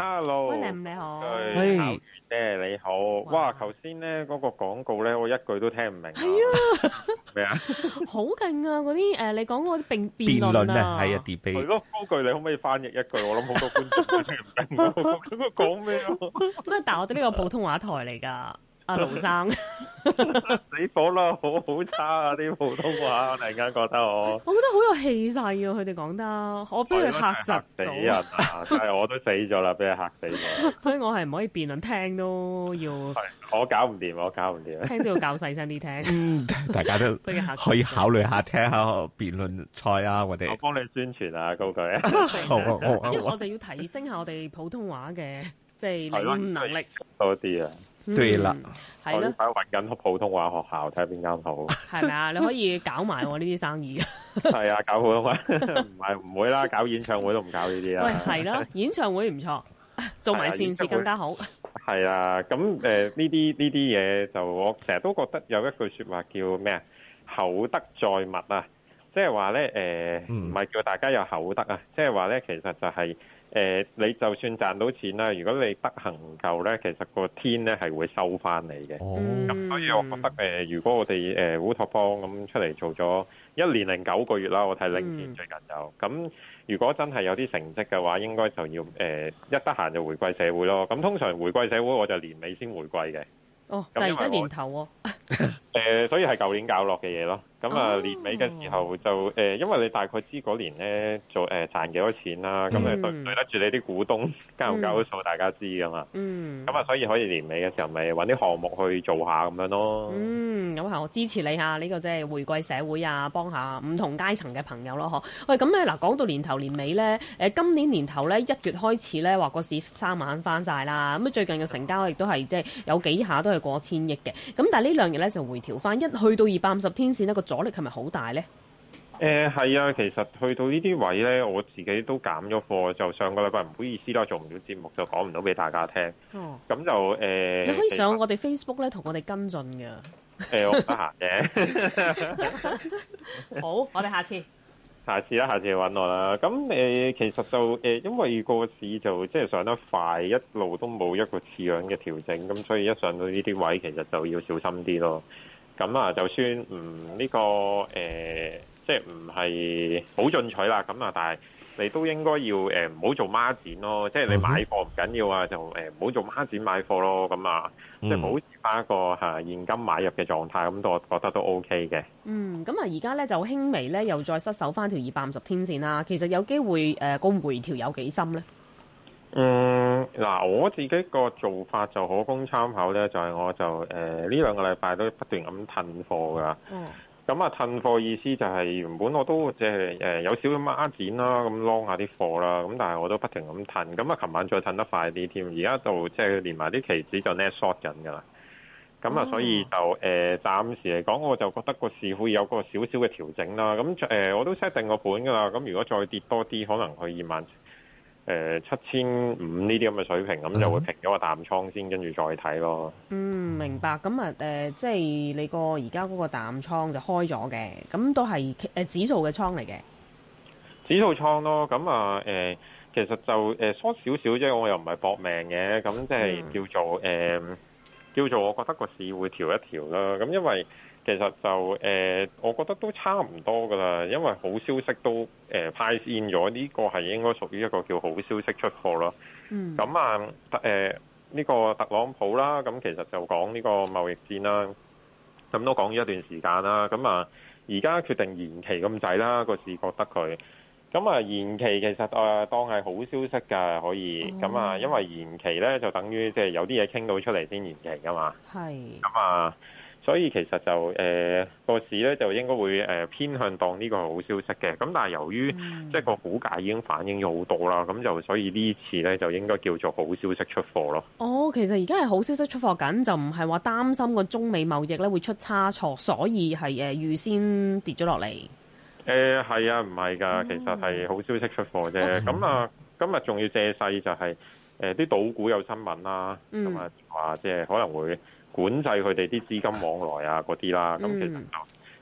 Hello，對，誒，你好，哇，頭先咧嗰個廣告咧，我一句都聽唔明，係啊，咩啊？好勁啊，嗰啲誒，你講個辯辯論啊，係啊，疊杯，係咯，嗰句你可唔可以翻譯一句？我諗好多觀眾都聽唔明，佢講咩？唔係，但係我哋呢個普通話台嚟噶。阿盧、啊、生 死火啦！好好差啊啲普通話，我突然間覺得我，我覺得好有氣勢啊！佢哋講得，我俾佢吓窒咗，但係我都死咗啦！俾佢吓死咗，所以我係唔可以辯論，聽都要我搞唔掂，我搞唔掂，聽都要搞細聲啲聽， 嗯，大家都可以考慮下聽下辯論賽啊！我哋我幫你宣傳啊，告佢，因為我哋要提升下我哋普通話嘅即係理論能力多啲啊！對啦，係咯，我依排揾緊普通話學校，睇下邊間好。係咪啊？你可以搞埋我呢啲生意啊？係啊，搞普通話唔係唔會啦，搞演唱會都唔搞呢啲啦。喂，係咯，演唱會唔錯，做埋善事更加好。係啊，咁誒呢啲呢啲嘢，就我成日都覺得有一句說話叫咩啊？厚德載物啊！即係話咧，唔係、呃、叫大家有口德啊！即係話咧，其實就係、是呃、你就算賺到錢啦，如果你德行唔夠咧，其實個天咧係會收翻你嘅。咁、哦、所以我覺得、嗯、如果我哋誒、呃、烏托邦咁出嚟做咗一年零九個月啦，我睇今年最近就咁。嗯、如果真係有啲成績嘅話，應該就要、呃、一得閒就回歸社會咯。咁通常回歸社會，我就年尾先回歸嘅。哦，但係而家年頭喎、哦呃。所以係舊年搞落嘅嘢咯。咁啊，年尾嘅時候就誒，oh. 因為你大概知嗰年咧做誒、呃、賺幾多錢啦、啊，咁你、mm. 對唔對得住你啲股東，交唔交數，mm. 大家知噶嘛？嗯，咁啊，所以可以年尾嘅時候咪搵啲項目去做下咁樣咯。嗯，咁啊，我支持你下呢、呢個即係回饋社會啊，幫下唔同階層嘅朋友咯，嗬、哎。喂，咁啊，嗱，講到年頭年尾咧，今年年頭咧一月開始咧，話個市三萬翻晒啦，咁啊最近嘅成交亦都係即係有幾下都係過千億嘅，咁但係呢兩日咧就回調翻，一去到二百五十天線阻力係咪好大咧？係、呃、啊，其實去到呢啲位咧，我自己都減咗貨，就上個禮拜唔好意思啦，做唔到節目，就講唔到俾大家聽。哦、嗯，咁就、呃、你可以上我哋 Facebook 咧，同我哋跟進嘅、呃、我唔得閒嘅。好，我哋下次，下次啦，下次揾我啦。咁、呃、其實就、呃、因為個市就即係上得快，一路都冇一個次樣嘅調整，咁所以一上到呢啲位，其實就要小心啲咯。咁啊，就算唔呢、嗯這個誒、呃，即係唔係好進取啦，咁啊，但係你都應該要誒，唔、呃、好做孖展咯，即係你買貨唔緊要啊，就誒唔好做孖展買貨咯，咁啊，即係保持翻一個現金買入嘅狀態，咁我覺得都 O K 嘅。嗯，咁啊，而家咧就輕微咧又再失守翻條二百五十天線啦，其實有機會誒個、呃、回調有幾深咧？嗯嗱，我自己個做法就可供參考咧，就係、是、我就誒呢、呃、兩個禮拜都不斷咁褪貨噶。嗯。咁啊，褪貨意思就係、是、原本我都即、就、係、是呃、有少少孖展啦，咁攞下啲貨啦。咁但係我都不停咁褪，咁啊，琴晚再褪得快啲添。而家就即係、呃就是、連埋啲期指就 net short 緊噶啦。咁啊，所以就誒、呃、暫時嚟講，我就覺得個市會有個少少嘅調整啦。咁、呃、我都 set 定個本噶啦。咁如果再跌多啲，可能去二萬誒、呃、七千五呢啲咁嘅水平，咁就會平咗個淡倉先，跟住再睇咯。嗯，明白。咁啊，誒、呃，即係你個而家嗰個淡倉就開咗嘅，咁都係誒指數嘅倉嚟嘅。指數倉指數咯，咁啊，誒、呃，其實就誒、呃、縮少少啫，我又唔係搏命嘅，咁即係叫做誒、嗯呃，叫做我覺得個市會調一調啦，咁因為。其實就誒、呃，我覺得都差唔多噶啦，因為好消息都誒、呃、派現咗，呢、這個係應該屬於一個叫好消息出貨咯。嗯。咁啊，誒、呃、呢、這個特朗普啦，咁其實就講呢個貿易戰啦，咁都講咗一段時間啦。咁啊，而家決定延期咁滯啦，個市覺得佢。咁啊，延期其實誒、啊、當係好消息㗎，可以。咁、哦、啊，因為延期咧，就等於即係有啲嘢傾到出嚟先延期㗎嘛。係是。咁啊。所以其實就誒個、呃、市咧，就應該會誒、呃、偏向當呢個係好消息嘅。咁但係由於、嗯、即係個股價已經反映咗好多啦，咁就所以這次呢次咧就應該叫做好消息出貨咯。哦，其實而家係好消息出貨緊，就唔係話擔心個中美貿易咧會出差錯，所以係誒預先跌咗落嚟。誒係、呃、啊，唔係㗎，哦、其實係好消息出貨啫。咁 啊，今日仲要借勢就係誒啲賭股有新聞啦，咁、嗯、啊話即係可能會。管制佢哋啲資金往來啊，嗰啲啦，咁其實就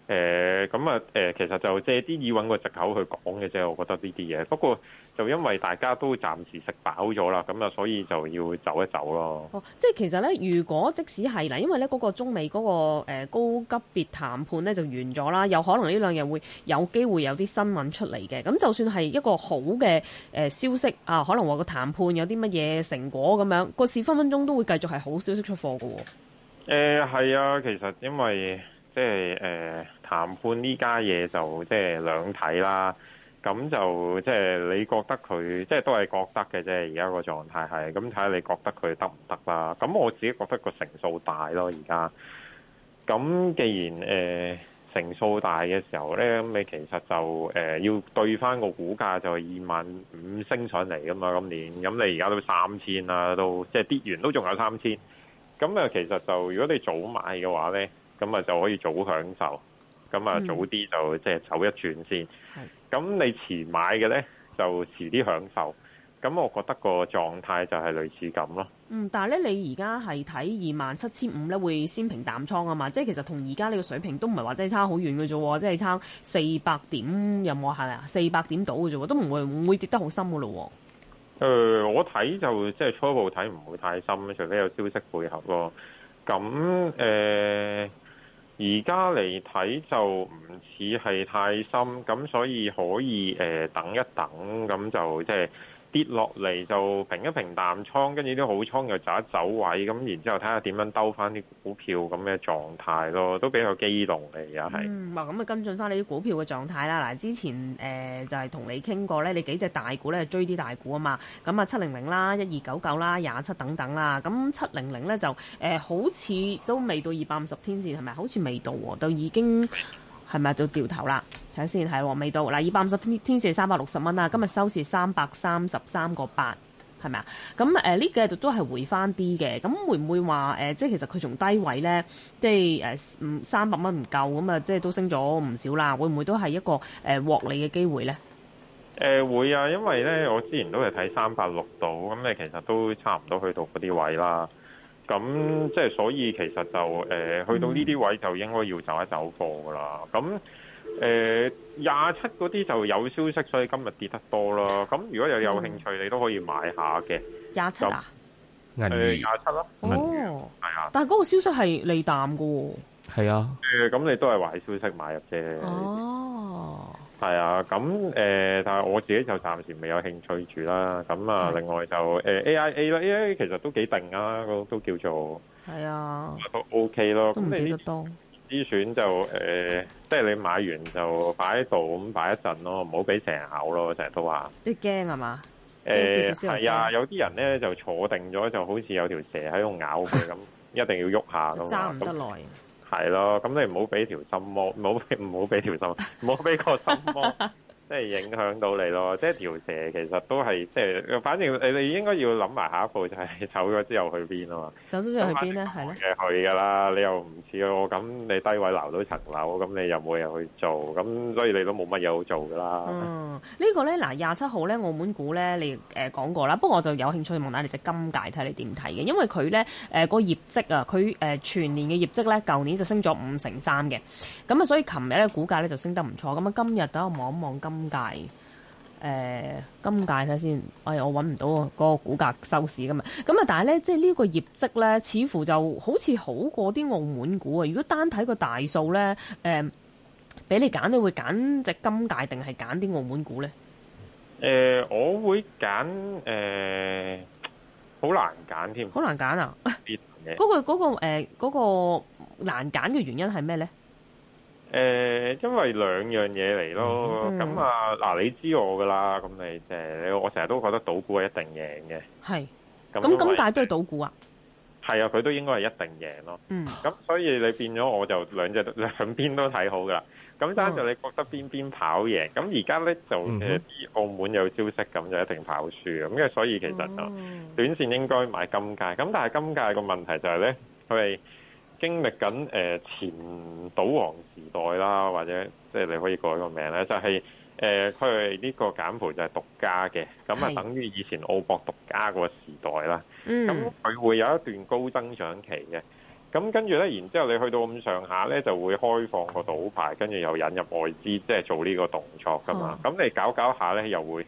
咁啊，誒，其實就借啲以揾個藉口去講嘅啫。我覺得呢啲嘢，不過就因為大家都暫時食飽咗啦，咁啊，所以就要走一走咯。哦，即係其實咧，如果即使係嗱，因為咧嗰個中美嗰個高級別談判咧就完咗啦，有可能呢兩日會有機會有啲新聞出嚟嘅。咁就算係一個好嘅誒消息啊，可能話個談判有啲乜嘢成果咁樣，個市分分鐘都會繼續係好消息出貨㗎喎。誒係、呃、啊，其實因為即係誒、呃、談判呢家嘢就即係兩睇啦，咁就即係你覺得佢即係都係覺得嘅啫。而家個狀態係咁，睇下你覺得佢得唔得啦？咁我自己覺得個成數大咯，而家咁既然誒成、呃、數大嘅時候咧，咁你其實就誒、呃、要對翻個股價就係二萬五升上嚟噶嘛，今年咁你而家都三千啦，都即係跌完都仲有三千。咁啊，其實就如果你早買嘅話咧，咁啊就可以早享受，咁啊早啲就即係走一轉先。咁、嗯、你遲買嘅咧，就遲啲享受。咁我覺得個狀態就係類似咁咯。嗯，但係咧，你而家係睇二萬七千五咧，會先平淡倉啊嘛。即係其實同而家呢個水平都唔係話真係差好遠嘅啫喎，即係差四百點有冇係啊，四百點到嘅啫喎，都唔會唔會跌得好深嘅咯喎。誒、呃，我睇就即係初步睇唔會太深，除非有消息配合咯。咁誒，而家嚟睇就唔似係太深，咁所以可以誒、呃、等一等，咁就即係。就係跌落嚟就平一平淡倉，跟住啲好倉又走一走位，咁然之後睇下點樣兜翻啲股票咁嘅狀態咯，都比較機動嚟，又係。嗯，咁啊跟進翻你啲股票嘅狀態啦。嗱，之前誒、呃、就係、是、同你傾過咧，你幾隻大股咧追啲大股啊嘛。咁啊，七零零啦、一二九九啦、廿七等等啦。咁七零零咧就誒、呃，好似都未到二百五十天線，係咪？好似未到喎，都已經。係咪就掉頭看看啦？睇下先，係未到嗱？二百五十天天線，三百六十蚊啦，今日收市三百三十三個八，係咪啊？咁、呃、誒、呃、呢嘅、呃、就都係回翻啲嘅，咁會唔會話誒，即係其實佢從低位咧，即係誒唔三百蚊唔夠，咁啊即係都升咗唔少啦，會唔會都係一個誒獲、呃、利嘅機會咧？誒、呃、會啊，因為咧我之前都係睇三百六度，咁你其實都差唔多去到嗰啲位啦。咁即係所以，其實就誒、呃、去到呢啲位，就應該要走一走貨噶啦。咁誒廿七嗰啲就有消息，所以今日跌得多囉。咁如果有，有興趣，你都可以買下嘅廿七啊，廿七咯，哦，係啊。但嗰個消息係利淡㗎喎，係啊。誒、呃，咁你都係壞消息買入啫。啊係啊，咁誒、呃，但係我自己就暫時未有興趣住啦。咁啊，另外就誒、呃、AIA 啦，AIA 其實都幾定啊，都叫做係啊，都 OK 咯。都唔幾多。依選就誒，即、呃、係、就是、你買完就擺喺度咁擺一陣咯，唔好俾蛇咬咯，成日都話。你驚係嘛？誒係、呃、啊，有啲人咧就坐定咗，就好似有條蛇喺度咬佢咁， 一定要喐下都。揸唔得耐。那係咯，咁你唔好俾條心魔，唔好唔好俾條心，唔好俾個心魔。 即係影響到你咯，即係條蛇其實都係即係，反正你哋應該要諗埋下一步就係走咗之後去邊啊嘛。走咗之後去邊咧？係嘅，去噶啦。你又唔似我咁，你低位留到層樓，咁你又冇嘢去做，咁所以你都冇乜嘢好做噶啦。嗯，呢個咧嗱，廿七號咧澳門股咧你誒講過啦，不過我就有興趣望下你隻金界睇下你點睇嘅，因為佢咧誒個業績啊，佢誒全年嘅業績咧，舊年就升咗五成三嘅，咁啊所以琴日咧股價咧就升得唔錯，咁啊今日等我望一望金。金界，誒、呃，金界睇先，哎我搵唔到啊，嗰個股價收市噶嘛，咁啊，但係咧，即係呢個業績咧，似乎就好似好過啲澳門股啊。如果單睇個大數咧，誒、呃，俾你揀，你會揀隻金界定係揀啲澳門股咧？誒、呃，我會揀，誒、呃，好難揀添，好難揀啊！嗯 嗰個嗰、嗰個誒，呃嗰個難揀嘅原因係咩咧？誒，因為兩樣嘢嚟咯，咁、嗯、啊，嗱、啊，你知我噶啦，咁你你我成日都覺得賭股係一定贏嘅。係是，咁咁那 但係都係賭股啊。係啊，佢都應該係一定贏咯。嗯，咁所以你變咗我就兩隻兩邊都睇好噶啦。咁單就你覺得邊邊跑贏？咁而家咧就誒，啲、嗯、哼澳門有消息咁就一定跑輸啊。咁因為所以其實就，短線應該買金界。咁但係金界個問題就係咧，佢。經歷緊前賭王時代啦，或者即係你可以改個名咧，就係誒佢係呢個柬埔寨就係獨家嘅，咁啊是等於以前澳博獨家個時代啦。嗯，咁佢會有一段高增長期嘅。咁跟住咧，然之後你去到咁上下咧，就會開放個賭牌，跟住又引入外資，即係做呢個動作噶嘛。咁、嗯、你搞搞下咧，又會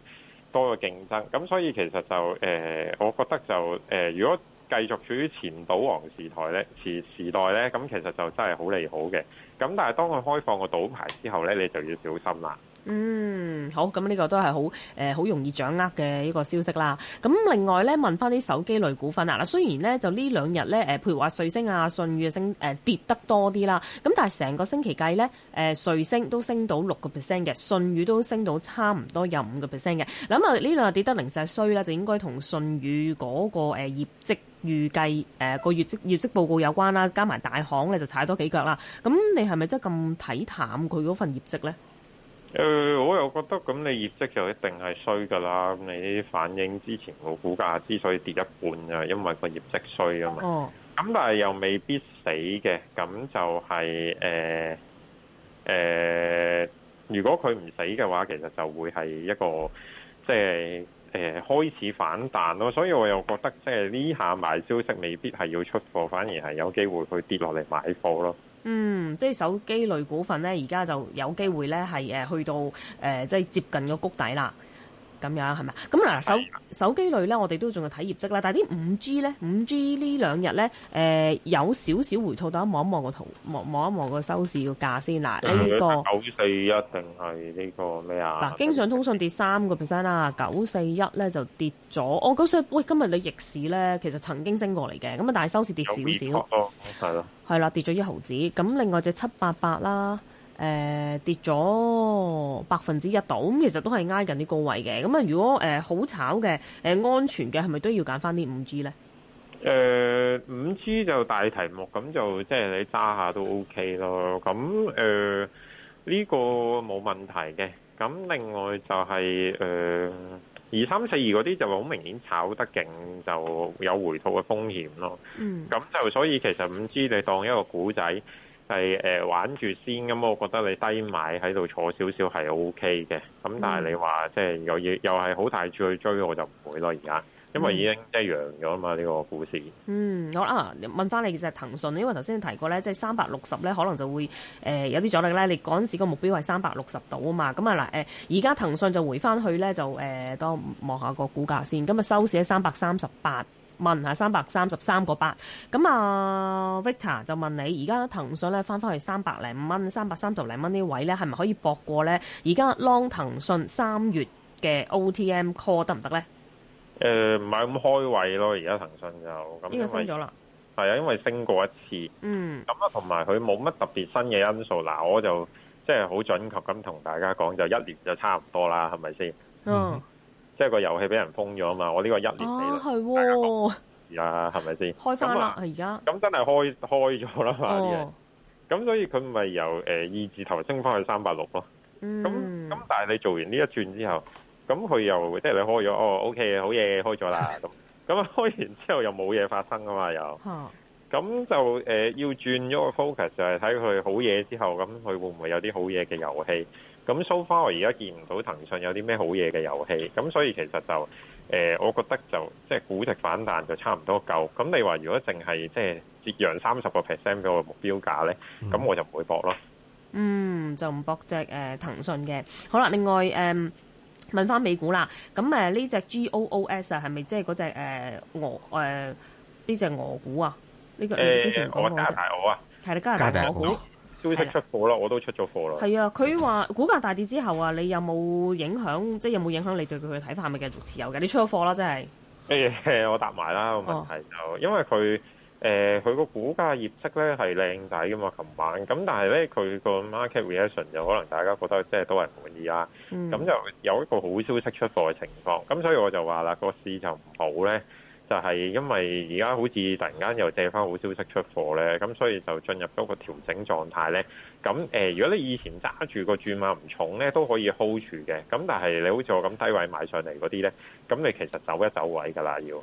多個競爭。咁所以其實就誒、呃，我覺得就誒、呃，如果繼續處於前賭王時代咧，時時代咧，咁其實就真係好利好嘅。咁但係當佢開放個賭牌之後咧，你就要小心啦。嗯，好，咁呢個都係好，誒、呃，好容易掌握嘅一個消息啦。咁另外咧，問翻啲手機類股份啊，嗱，雖然咧就兩呢兩日咧，誒，譬如話瑞聲啊、舜宇升，誒、呃，跌得多啲啦。咁但係成個星期計咧，誒、呃，瑞聲都升到六個 percent 嘅，舜宇都升到差唔多有五個 percent 嘅。咁啊，呢兩日跌得零舍衰啦，就應該同舜宇嗰、那個誒、呃、業績。預計誒個業績業績報告有關啦，加埋大行嘅就踩多幾腳啦。咁你係咪真係咁睇淡佢嗰份業績呢？誒、呃，我又覺得咁你業績就一定係衰噶啦。咁你反映之前個股價之所以跌一半，就因為個業績衰啊嘛。哦，哦。咁但係又未必死嘅。咁就係誒誒，如果佢唔死嘅話，其實就會係一個即係。就是誒開始反彈咯，所以我又覺得即係呢下賣消息未必係要出貨，反而係有機會去跌落嚟買貨咯。嗯，即係手機類股份咧，而家就有機會咧係去到、呃、即係接近個谷底啦。咁樣係咪？咁嗱手的手機類咧，我哋都仲係睇業績啦。但係啲五 G 咧，五 G 呢 G 兩日咧，誒、呃、有少少回吐。大家望一望個圖，望望一望個收市個價啦、嗯，這個價先。嗱、這個，呢個九四一定係呢個咩啊？嗱，經常通信跌三個 percent 啦，九四一咧就跌咗。我覺得喂，今日你逆市咧，其實曾經升過嚟嘅，咁啊，但係收市跌少少。有咯，係咯。係啦，跌咗一毫子。咁另外隻七八八啦。誒、呃、跌咗百分之一度，咁其實都係挨近啲高位嘅。咁啊，如果好、呃、炒嘅、呃、安全嘅，係咪都要揀翻啲五 G 呢？誒五、呃、G 就大題目，咁就即係你揸下都 OK 咯。咁誒呢個冇問題嘅。咁另外就係誒二三四二嗰啲就好明顯炒得勁，就有回吐嘅風險咯。嗯，咁就所以其實五 G 你當一個古仔。係誒、呃、玩住先咁、嗯，我覺得你低買喺度坐少少係 O K 嘅。咁但係你話、嗯、即係又要又係好大注去追，我就唔會咯。而家因為已經、嗯、即係揚咗嘛，呢、呢個股市。嗯，好啊。問翻你其實、就是、騰訊，因為頭先你提過咧，即係三百六十咧，可能就會誒、呃、有啲阻力咧。你嗰陣時個目標係三百六十度啊嘛。咁啊嗱誒，而家騰訊就回翻去咧，就誒當望下個股價先。咁啊收市喺三百三十八。問下三百三十三個八，咁啊 Victor 就問你而家騰訊咧翻翻去三百零五蚊、三百三十零蚊呢位咧，係咪可以博過咧？而家 Long 騰訊三月嘅 OTM call 得唔得咧？誒、呃，唔係咁開胃咯，而家騰訊就咁。因為升咗啦。係啊，因為升過一次。嗯。咁啊，同埋佢冇乜特別新嘅因素。嗱、啊，我就即係好準確咁同大家講，就一年就差唔多啦，係咪先？嗯。即係個遊戲俾人封咗啊嘛，我呢個一年幾？啊，係喎、哦，而家係咪先開翻啦？而家咁真係開開咗啦嘛啲嘢，咁、哦、所以佢咪由誒二字頭升翻去三百六咯。咁咁、嗯、但係你做完呢一轉之後，咁佢又即係你開咗哦，OK，好嘢，開咗啦。咁咁啊，開完之後又冇嘢發生㗎嘛又。咁、啊、就誒、呃、要轉咗個 focus 就係睇佢好嘢之後，咁佢會唔會有啲好嘢嘅遊戲？咁 so far 我而家見唔到騰訊有啲咩好嘢嘅遊戲，咁所以其實就誒，我覺得就即係估值反彈就差唔多夠。咁你話如果淨係即係折讓三十個 percent 嗰個目標價咧，咁我就唔會博咯。嗯，就唔博隻誒騰訊嘅。好啦，另外誒問翻美股啦。咁誒呢隻 G O O S 啊，係咪即係嗰隻誒鵝誒呢隻鵝股啊？呢個你之前講過。誒加拿大鵝啊。係啦，加拿大股。消息出貨啦，我都出咗貨啦。係啊，佢話股價大跌之後啊，你有冇影響？即、就、係、是、有冇影響你對佢嘅睇法？係咪繼續持有嘅？你出咗貨啦，真係。誒、欸欸，我答埋啦個問題就，哦、因為佢誒佢個股價業績呢係靚仔㗎嘛，琴晚咁，但係呢佢個 market reaction 就可能大家覺得即係都係滿意啦。咁、嗯、就有一個好消息出貨嘅情況，咁所以我就話啦，個市就唔好咧。就係因為而家好似突然間又借翻好消息出貨咧，咁所以就進入嗰個調整狀態咧。咁誒、呃，如果你以前揸住個轉碼唔重咧，都可以 hold 住嘅。咁但係你好似我咁低位買上嚟嗰啲咧，咁你其實走一走位㗎喇要。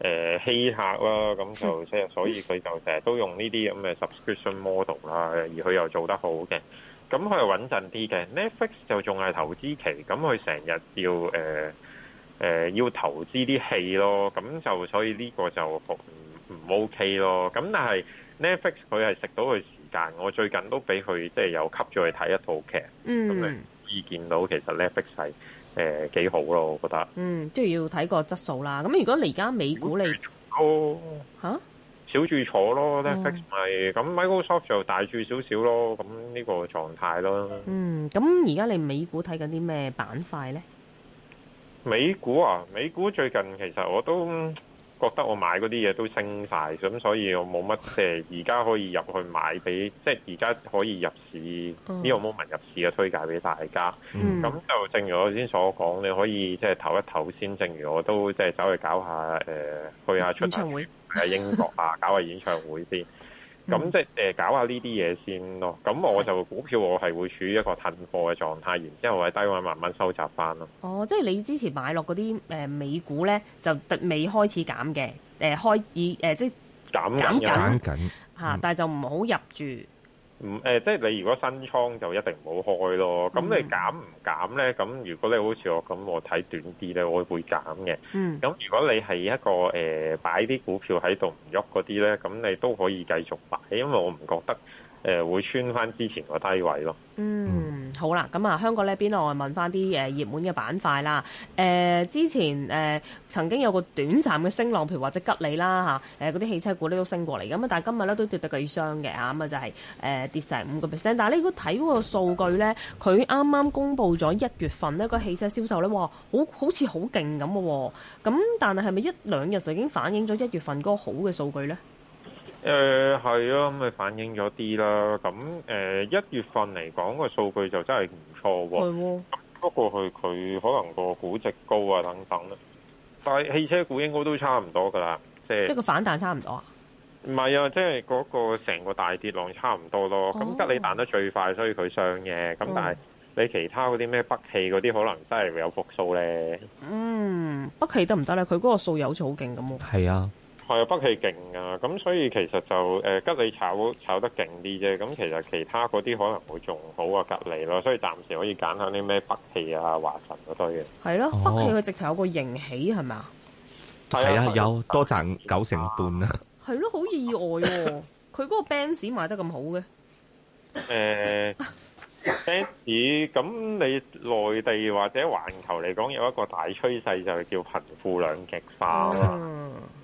誒欺客啦，咁就即係所以佢就成日都用呢啲咁嘅 subscription model 啦，而佢又做得好嘅，咁佢又穩陣啲嘅。Netflix 就仲係投資期，咁佢成日要誒、呃呃、要投資啲戲咯，咁就所以呢個就唔唔 OK 咯。咁但係 Netflix 佢係食到佢時間，我最近都俾佢即係有吸咗去睇一套劇，咁、嗯、你意見到其實 Netflix 係誒，幾好咯，我覺得。嗯，即係要睇個質素啦。咁如果你而家美股你吓小注坐咯、啊、坐咯，Netflix 咪咁、嗯、Microsoft 就大注少少咯。咁呢個狀態咯。嗯，咁而家你美股睇緊啲咩板塊咧？美股啊，美股最近其實我都。覺得我買嗰啲嘢都升晒，咁所以我冇乜即係而家可以入去買俾，即係而家可以入市呢、嗯、個 moment 入市嘅推介俾大家。咁、嗯、就正如我頭先所講，你可以即係唞一唞先。正如我都即係走去搞下、呃、去下出嚟喺英國啊，搞下演唱會先。 咁即係搞下呢啲嘢先咯。咁我就股票我係會處於一個囤貨嘅狀態，然之後我喺低位慢慢收集翻咯。哦，即係你之前買落嗰啲美股咧，就未開始減嘅，誒、呃、開已、呃、即係減緊減緊嚇，但係就唔好入住。唔誒，即係你如果新倉就一定唔好開咯。咁你減唔減呢？咁如果你好似我咁，我睇短啲呢，我會減嘅。咁如果你係一個誒擺啲股票喺度唔喐嗰啲呢，咁你都可以繼續擺，因為我唔覺得。誒會穿翻之前個低位咯。嗯，好啦，咁啊，香港呢邊我問翻啲誒熱門嘅板塊啦。誒、呃、之前誒、呃、曾經有個短暫嘅升浪，譬如或者吉利啦嗰啲、啊、汽車股都升過嚟咁啊，但係今日咧都跌得幾傷嘅啊。咁啊就係、是、誒、呃、跌成五個 percent。但係咧如果睇嗰個數據咧，佢啱啱公布咗一月份呢、那個汽車銷售咧，哇，好好似好勁咁嘅喎。咁但係係咪一兩日就已經反映咗一月份嗰個好嘅數據咧？誒係、呃、啊，咁咪反映咗啲啦。咁誒、呃、一月份嚟講個數據就真係唔錯喎、啊。啊、不過佢佢可能個估值高啊等等啦。但係汽車股應該都差唔多㗎啦，即係、即係。即係個反彈差唔多啊？唔係啊，即係嗰個成個大跌浪差唔多咯。咁、哦、吉利彈得最快，所以佢上嘅。咁但係你其他嗰啲咩北汽嗰啲，可能真係會有復甦咧。嗯，北汽得唔得咧？佢嗰個數又好似好勁咁喎。係啊。係啊。係啊，北汽勁啊，咁所以其實就誒、呃、吉利炒炒得勁啲啫，咁其實其他嗰啲可能會仲好啊，隔離咯，所以暫時可以揀下啲咩北汽啊、華晨嗰堆嘅。係咯、啊，北汽佢直頭有個盈起係咪啊？係啊，有多賺九成半啊！係咯，好意外喎、啊！佢嗰 個 Benz 賣得咁好嘅。誒、呃、～ 巴士咁你內地或者環球嚟講有一個大趨勢就係叫貧富兩極化嘛。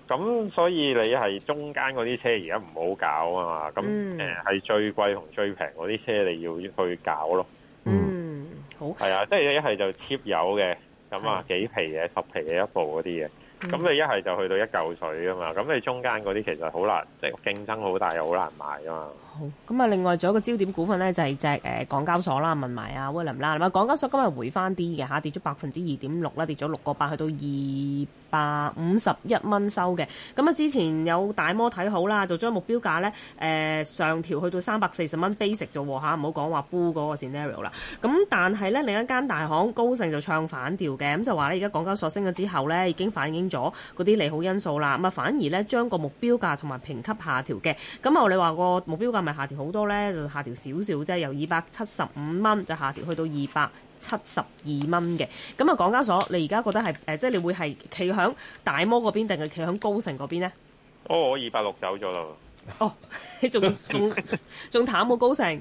咁所以你係中間嗰啲車而家唔好搞啊嘛。咁誒係最貴同最平嗰啲車你要去搞咯。嗯，好。係啊，即係一係就 cheap 油嘅，咁啊幾皮嘅十皮嘅一部嗰啲嘅。咁你一係就去到一嚿水啊嘛。咁你中間嗰啲其實好難，即係競爭好大又好難賣啊嘛。好，咁啊！另外仲有一個焦點股份咧，就係隻誒港交所啦。問埋阿 William 啦，咁啊，港交所今日回翻啲嘅嚇，跌咗百分之二點六啦，跌咗六個八，去到二百五十一蚊收嘅。咁啊，之前有大摩睇好啦，就將目標價咧、呃、上調去到三百四十蚊 basic 做下，唔好講話 bull 嗰個 scenario 啦。咁但係咧，另一間大行高盛就唱反調嘅，咁就話咧，而家港交所升咗之後咧，已經反映咗嗰啲利好因素啦。咁啊，反而咧將個目標價同埋評級下調嘅。咁啊，你話個目標價？咪下調好多咧，下條就下調少少啫，由二百七十五蚊就下調去到二百七十二蚊嘅。咁啊，港交所，你而家覺得係誒、呃，即係你會係企響大摩嗰邊，定係企響高盛嗰邊咧？哦，我二百六走咗啦。哦，你仲仲仲淡冇高盛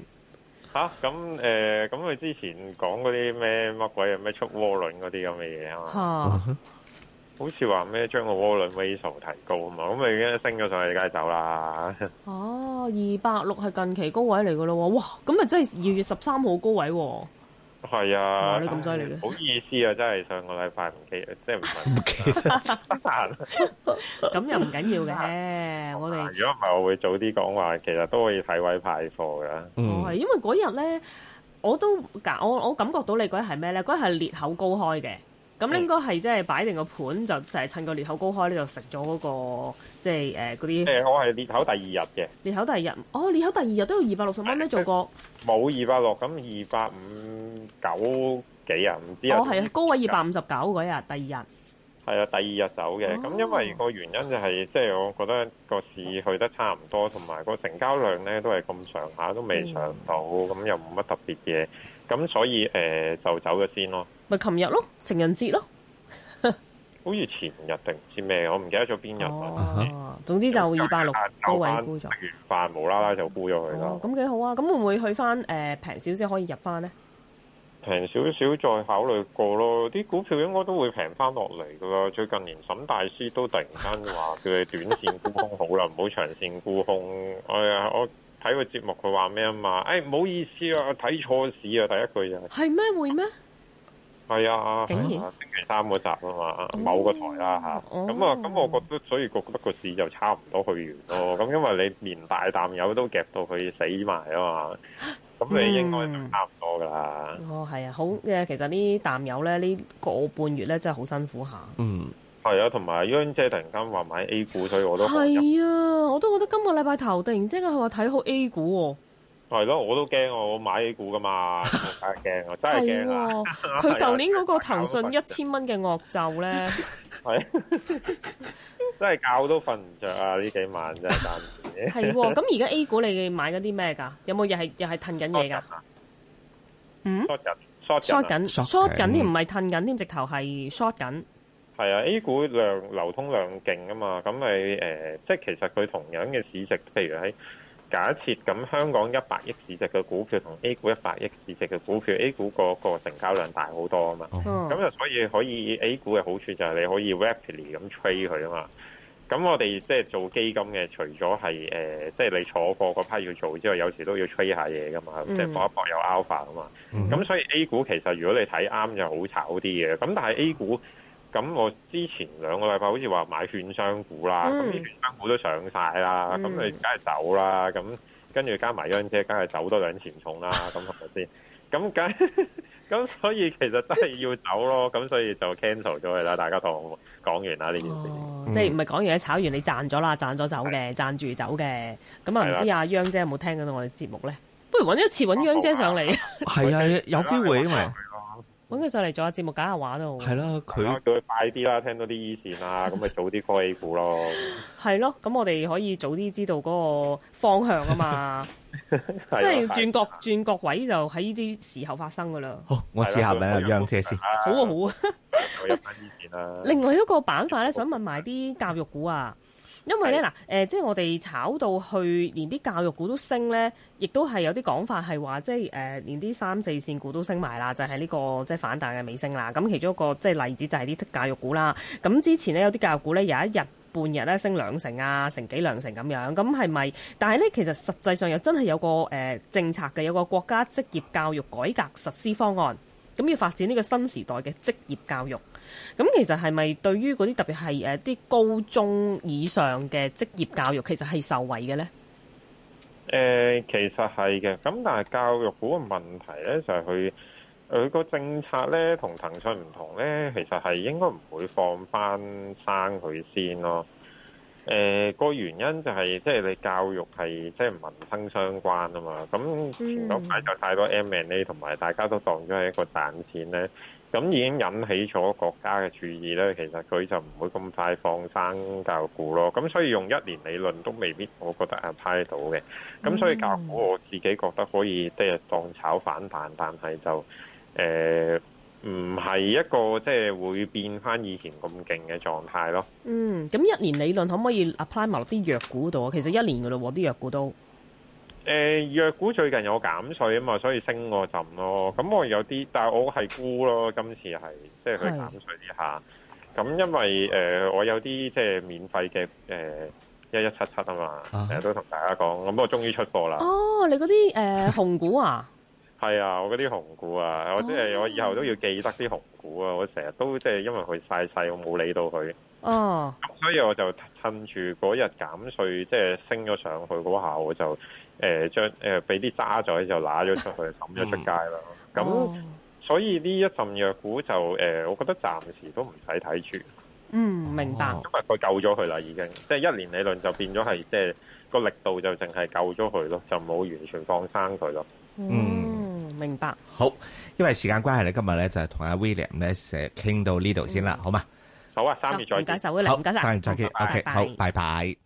吓咁誒？咁佢、啊呃、之前講嗰啲咩乜鬼啊？咩出窩輪嗰啲咁嘅嘢啊嘛。 好似話咩將個渦輪尾數提高啊嘛，咁咪已經升咗上去街走啦。哦，二百六係近期高位嚟噶咯，哇！咁咪真係二月十三號高位。係啊，你咁犀利。啊、唔好意思啊，真係上個禮拜唔記得，即係唔係。唔記得咁又唔緊要嘅，啊、我哋。如果唔係，我會早啲講話，其實都可以睇位派貨噶。嗯，係因為嗰日咧，我都我我感覺到你嗰日係咩咧？嗰日係裂口高開嘅。咁應該係即係擺定個盤，就就係趁個裂口高開呢度食咗嗰個即係誒嗰啲。誒、就是欸，我係裂口第二日嘅。裂口第二日，哦，裂口第二日都要二百六十蚊咩？的做過。冇二百六，咁二百五九幾啊？唔知啊。哦，係啊，高位二百五十九嗰日，第二日。係啊、哦，第二日走嘅，咁因為個原因就係、是，即、就、係、是、我覺得個市去得差唔多，同埋個成交量咧都係咁上下，都未上到，咁、嗯、又冇乜特別嘢，咁所以誒、呃、就走咗先咯。咪琴日咯，情人節咯、啊， 好似前日定唔知咩，我唔記得咗邊日。哦，總之就二百六高位沽咗，凡無啦啦就沽咗佢啦。哦，咁幾好啊！咁會唔會去翻？誒平少少可以入翻呢？平少少再考慮過咯。啲股票應該都會平翻落嚟嘅喎。最近連沈大師都突然間話佢你短線沽空好啦，唔好 長線沽空。哎呀，我睇個節目佢話咩啊嘛？誒、哎、唔好意思啊，睇錯市啊，第一句就係係咩會咩？係啊，竟然啊，星期三嗰集啊嘛，某個台啦嚇，咁、哦、啊咁，啊我覺得所以覺得個市就差唔多去完咯，咁、啊、因為你連大淡友都夾到佢死埋啊嘛，咁你應該就差唔多噶啦、嗯。哦，係啊，好嘅，其實呢淡友咧，呢、呢個半月咧真係好辛苦下、啊。嗯，係啊，同埋央姐突然間話買 A 股，所以我都係啊，我都覺得今個禮拜頭突然之間係話睇好 A 股喎、啊。係咯，我都驚我買 A 股噶嘛，怕真係驚我真係驚啊！佢舊、 哦、 年嗰個騰訊一千蚊嘅惡咒咧，係真係覺都瞓唔着啊！呢幾晚真係賺錢。係喎，咁而家 A 股你買嗰啲咩㗎？有冇又係又係騰緊嘢㗎？ 嗯，short 緊，short 緊、啊、short 緊啲唔係騰緊啲，直頭係 short 緊。係啊，A 股量流通量勁啊嘛，咁你、呃、即係其實佢同樣嘅市值，譬如喺。假設咁，香港一百億市值嘅股票同 A 股一百億市值嘅股票，A 股個個成交量大好多啊嘛。咁、oh. 就所以可以 A 股嘅好處就係你可以 rapidly 咁 trade 佢啊嘛。咁我哋即係做基金嘅，除咗係誒，即、呃、係、就是、你坐貨嗰批要做之外，有時都要吹下嘢噶嘛，即係、mm hmm. 搏一搏有 alpha 啊嘛。咁、mm hmm. 所以 A 股其實如果你睇啱就好炒啲嘅，咁但係 A 股。咁我之前兩個禮拜好似話買券商股啦，咁啲券商股都上曬啦，咁、嗯、你梗係走啦，咁跟住加埋央姐，梗係走多兩錢重啦，咁係咪先？咁梗咁所以其實都係要走咯，咁所以就 cancel 咗佢啦。 大家同我講完啦呢件事，哦、即係唔係講完炒完你賺咗啦，賺咗走嘅，的賺住走嘅。咁啊唔知阿央姐有冇聽到我哋節目咧？不如揾一次揾央姐上嚟。係啊， 有機會啊嘛。 搵佢上嚟做下節目，講下話都好。係啦，佢叫佢快啲啦，聽到啲意見啊，咁咪早啲開 A 股咯。係咯， 咁我哋可以早啲知道嗰個方向啊嘛， 即係轉角 轉角位就喺呢啲時候發生噶啦。好，我試下咪央車、啊、先。好啊好啊。 啊 另外一個板塊咧， 想問埋啲教育股啊。因為咧嗱，誒，即係我哋炒到去，連啲教育股都升咧，亦都係有啲講法係話，即係誒，連啲三四線股都升埋啦，就係呢個即係反彈嘅尾聲啦。咁其中一個即係例子就係啲教育股啦。咁之前咧有啲教育股咧有一日半日咧升兩成啊，成幾兩成咁樣咁係咪？但係咧其實實際上又真係有個誒政策嘅，有個國家職業教育改革實施方案。咁要發展呢個新時代嘅職業教育，咁其實係咪對於嗰啲特別係誒啲高中以上嘅職業教育其是、呃，其實係受惠嘅咧？誒、就是，其實係嘅，咁但係教育股嘅問題咧，就係佢佢個政策咧，同騰訊唔同咧，其實係應該唔會放翻生佢先咯。誒個、呃、原因就係、是，即係你教育係即係民生相關啊嘛。咁前嗰排就太多 M&A，同埋大家都當咗係一個賺錢咧。咁已經引起咗國家嘅注意咧。其實佢就唔會咁快放生教育股咯。咁所以用一年理論都未必，我覺得係派到嘅。咁所以教育股我自己覺得可以，即係當炒反彈，但係就誒。呃唔係一個即係會變翻以前咁勁嘅狀態咯。嗯，咁一年理論可唔可以 apply 埋落啲藥股度啊？其實一年噶啦，啲藥股都誒，藥、呃、股最近有減稅啊嘛，所以升個陣咯。咁、嗯、我有啲，但係我係沽咯，咯。今次係即係佢減稅啲下，咁是、嗯、因為誒、呃、我有啲即係免費嘅誒一一七七啊嘛，成日、啊呃、都同大家講，咁、嗯、我終於出貨啦。哦，你嗰啲誒紅股啊？ 係啊，我嗰啲紅股啊，oh. 我即係我以後都要記得啲紅股啊。我成日都即係因為佢細細，我冇理到佢。哦，咁所以我就趁住嗰日減稅，即、就、係、是、升咗上去嗰下，我就誒、呃、將誒俾啲渣仔就揦咗出去，抌咗出，mm. 出街啦。咁、oh. 所以呢一陣藥股就誒、呃，我覺得暫時都唔使睇住。嗯，mm, 明白。因為佢救咗佢啦，已經即係、就是、一年理論就變咗係即係個力度就淨係救咗佢咯，就冇完全放生佢咯。嗯。Mm. 明白。好，因為時間關係咧，今日咧就係同阿 William 咧成傾到呢度先啦，嗯、好嘛嗎？好啊、嗯，三月再見。謝謝好，唔該晒 William 唔該晒，再見，O K，好，謝謝拜拜。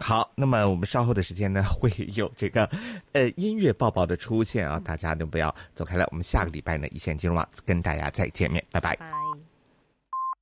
好，那麼我們稍後的時間呢，會有這個，呃，音樂爆爆的出現啊，嗯、大家都不要走開了。我們下個禮拜呢，一線金融網跟大家再見面，拜拜。拜拜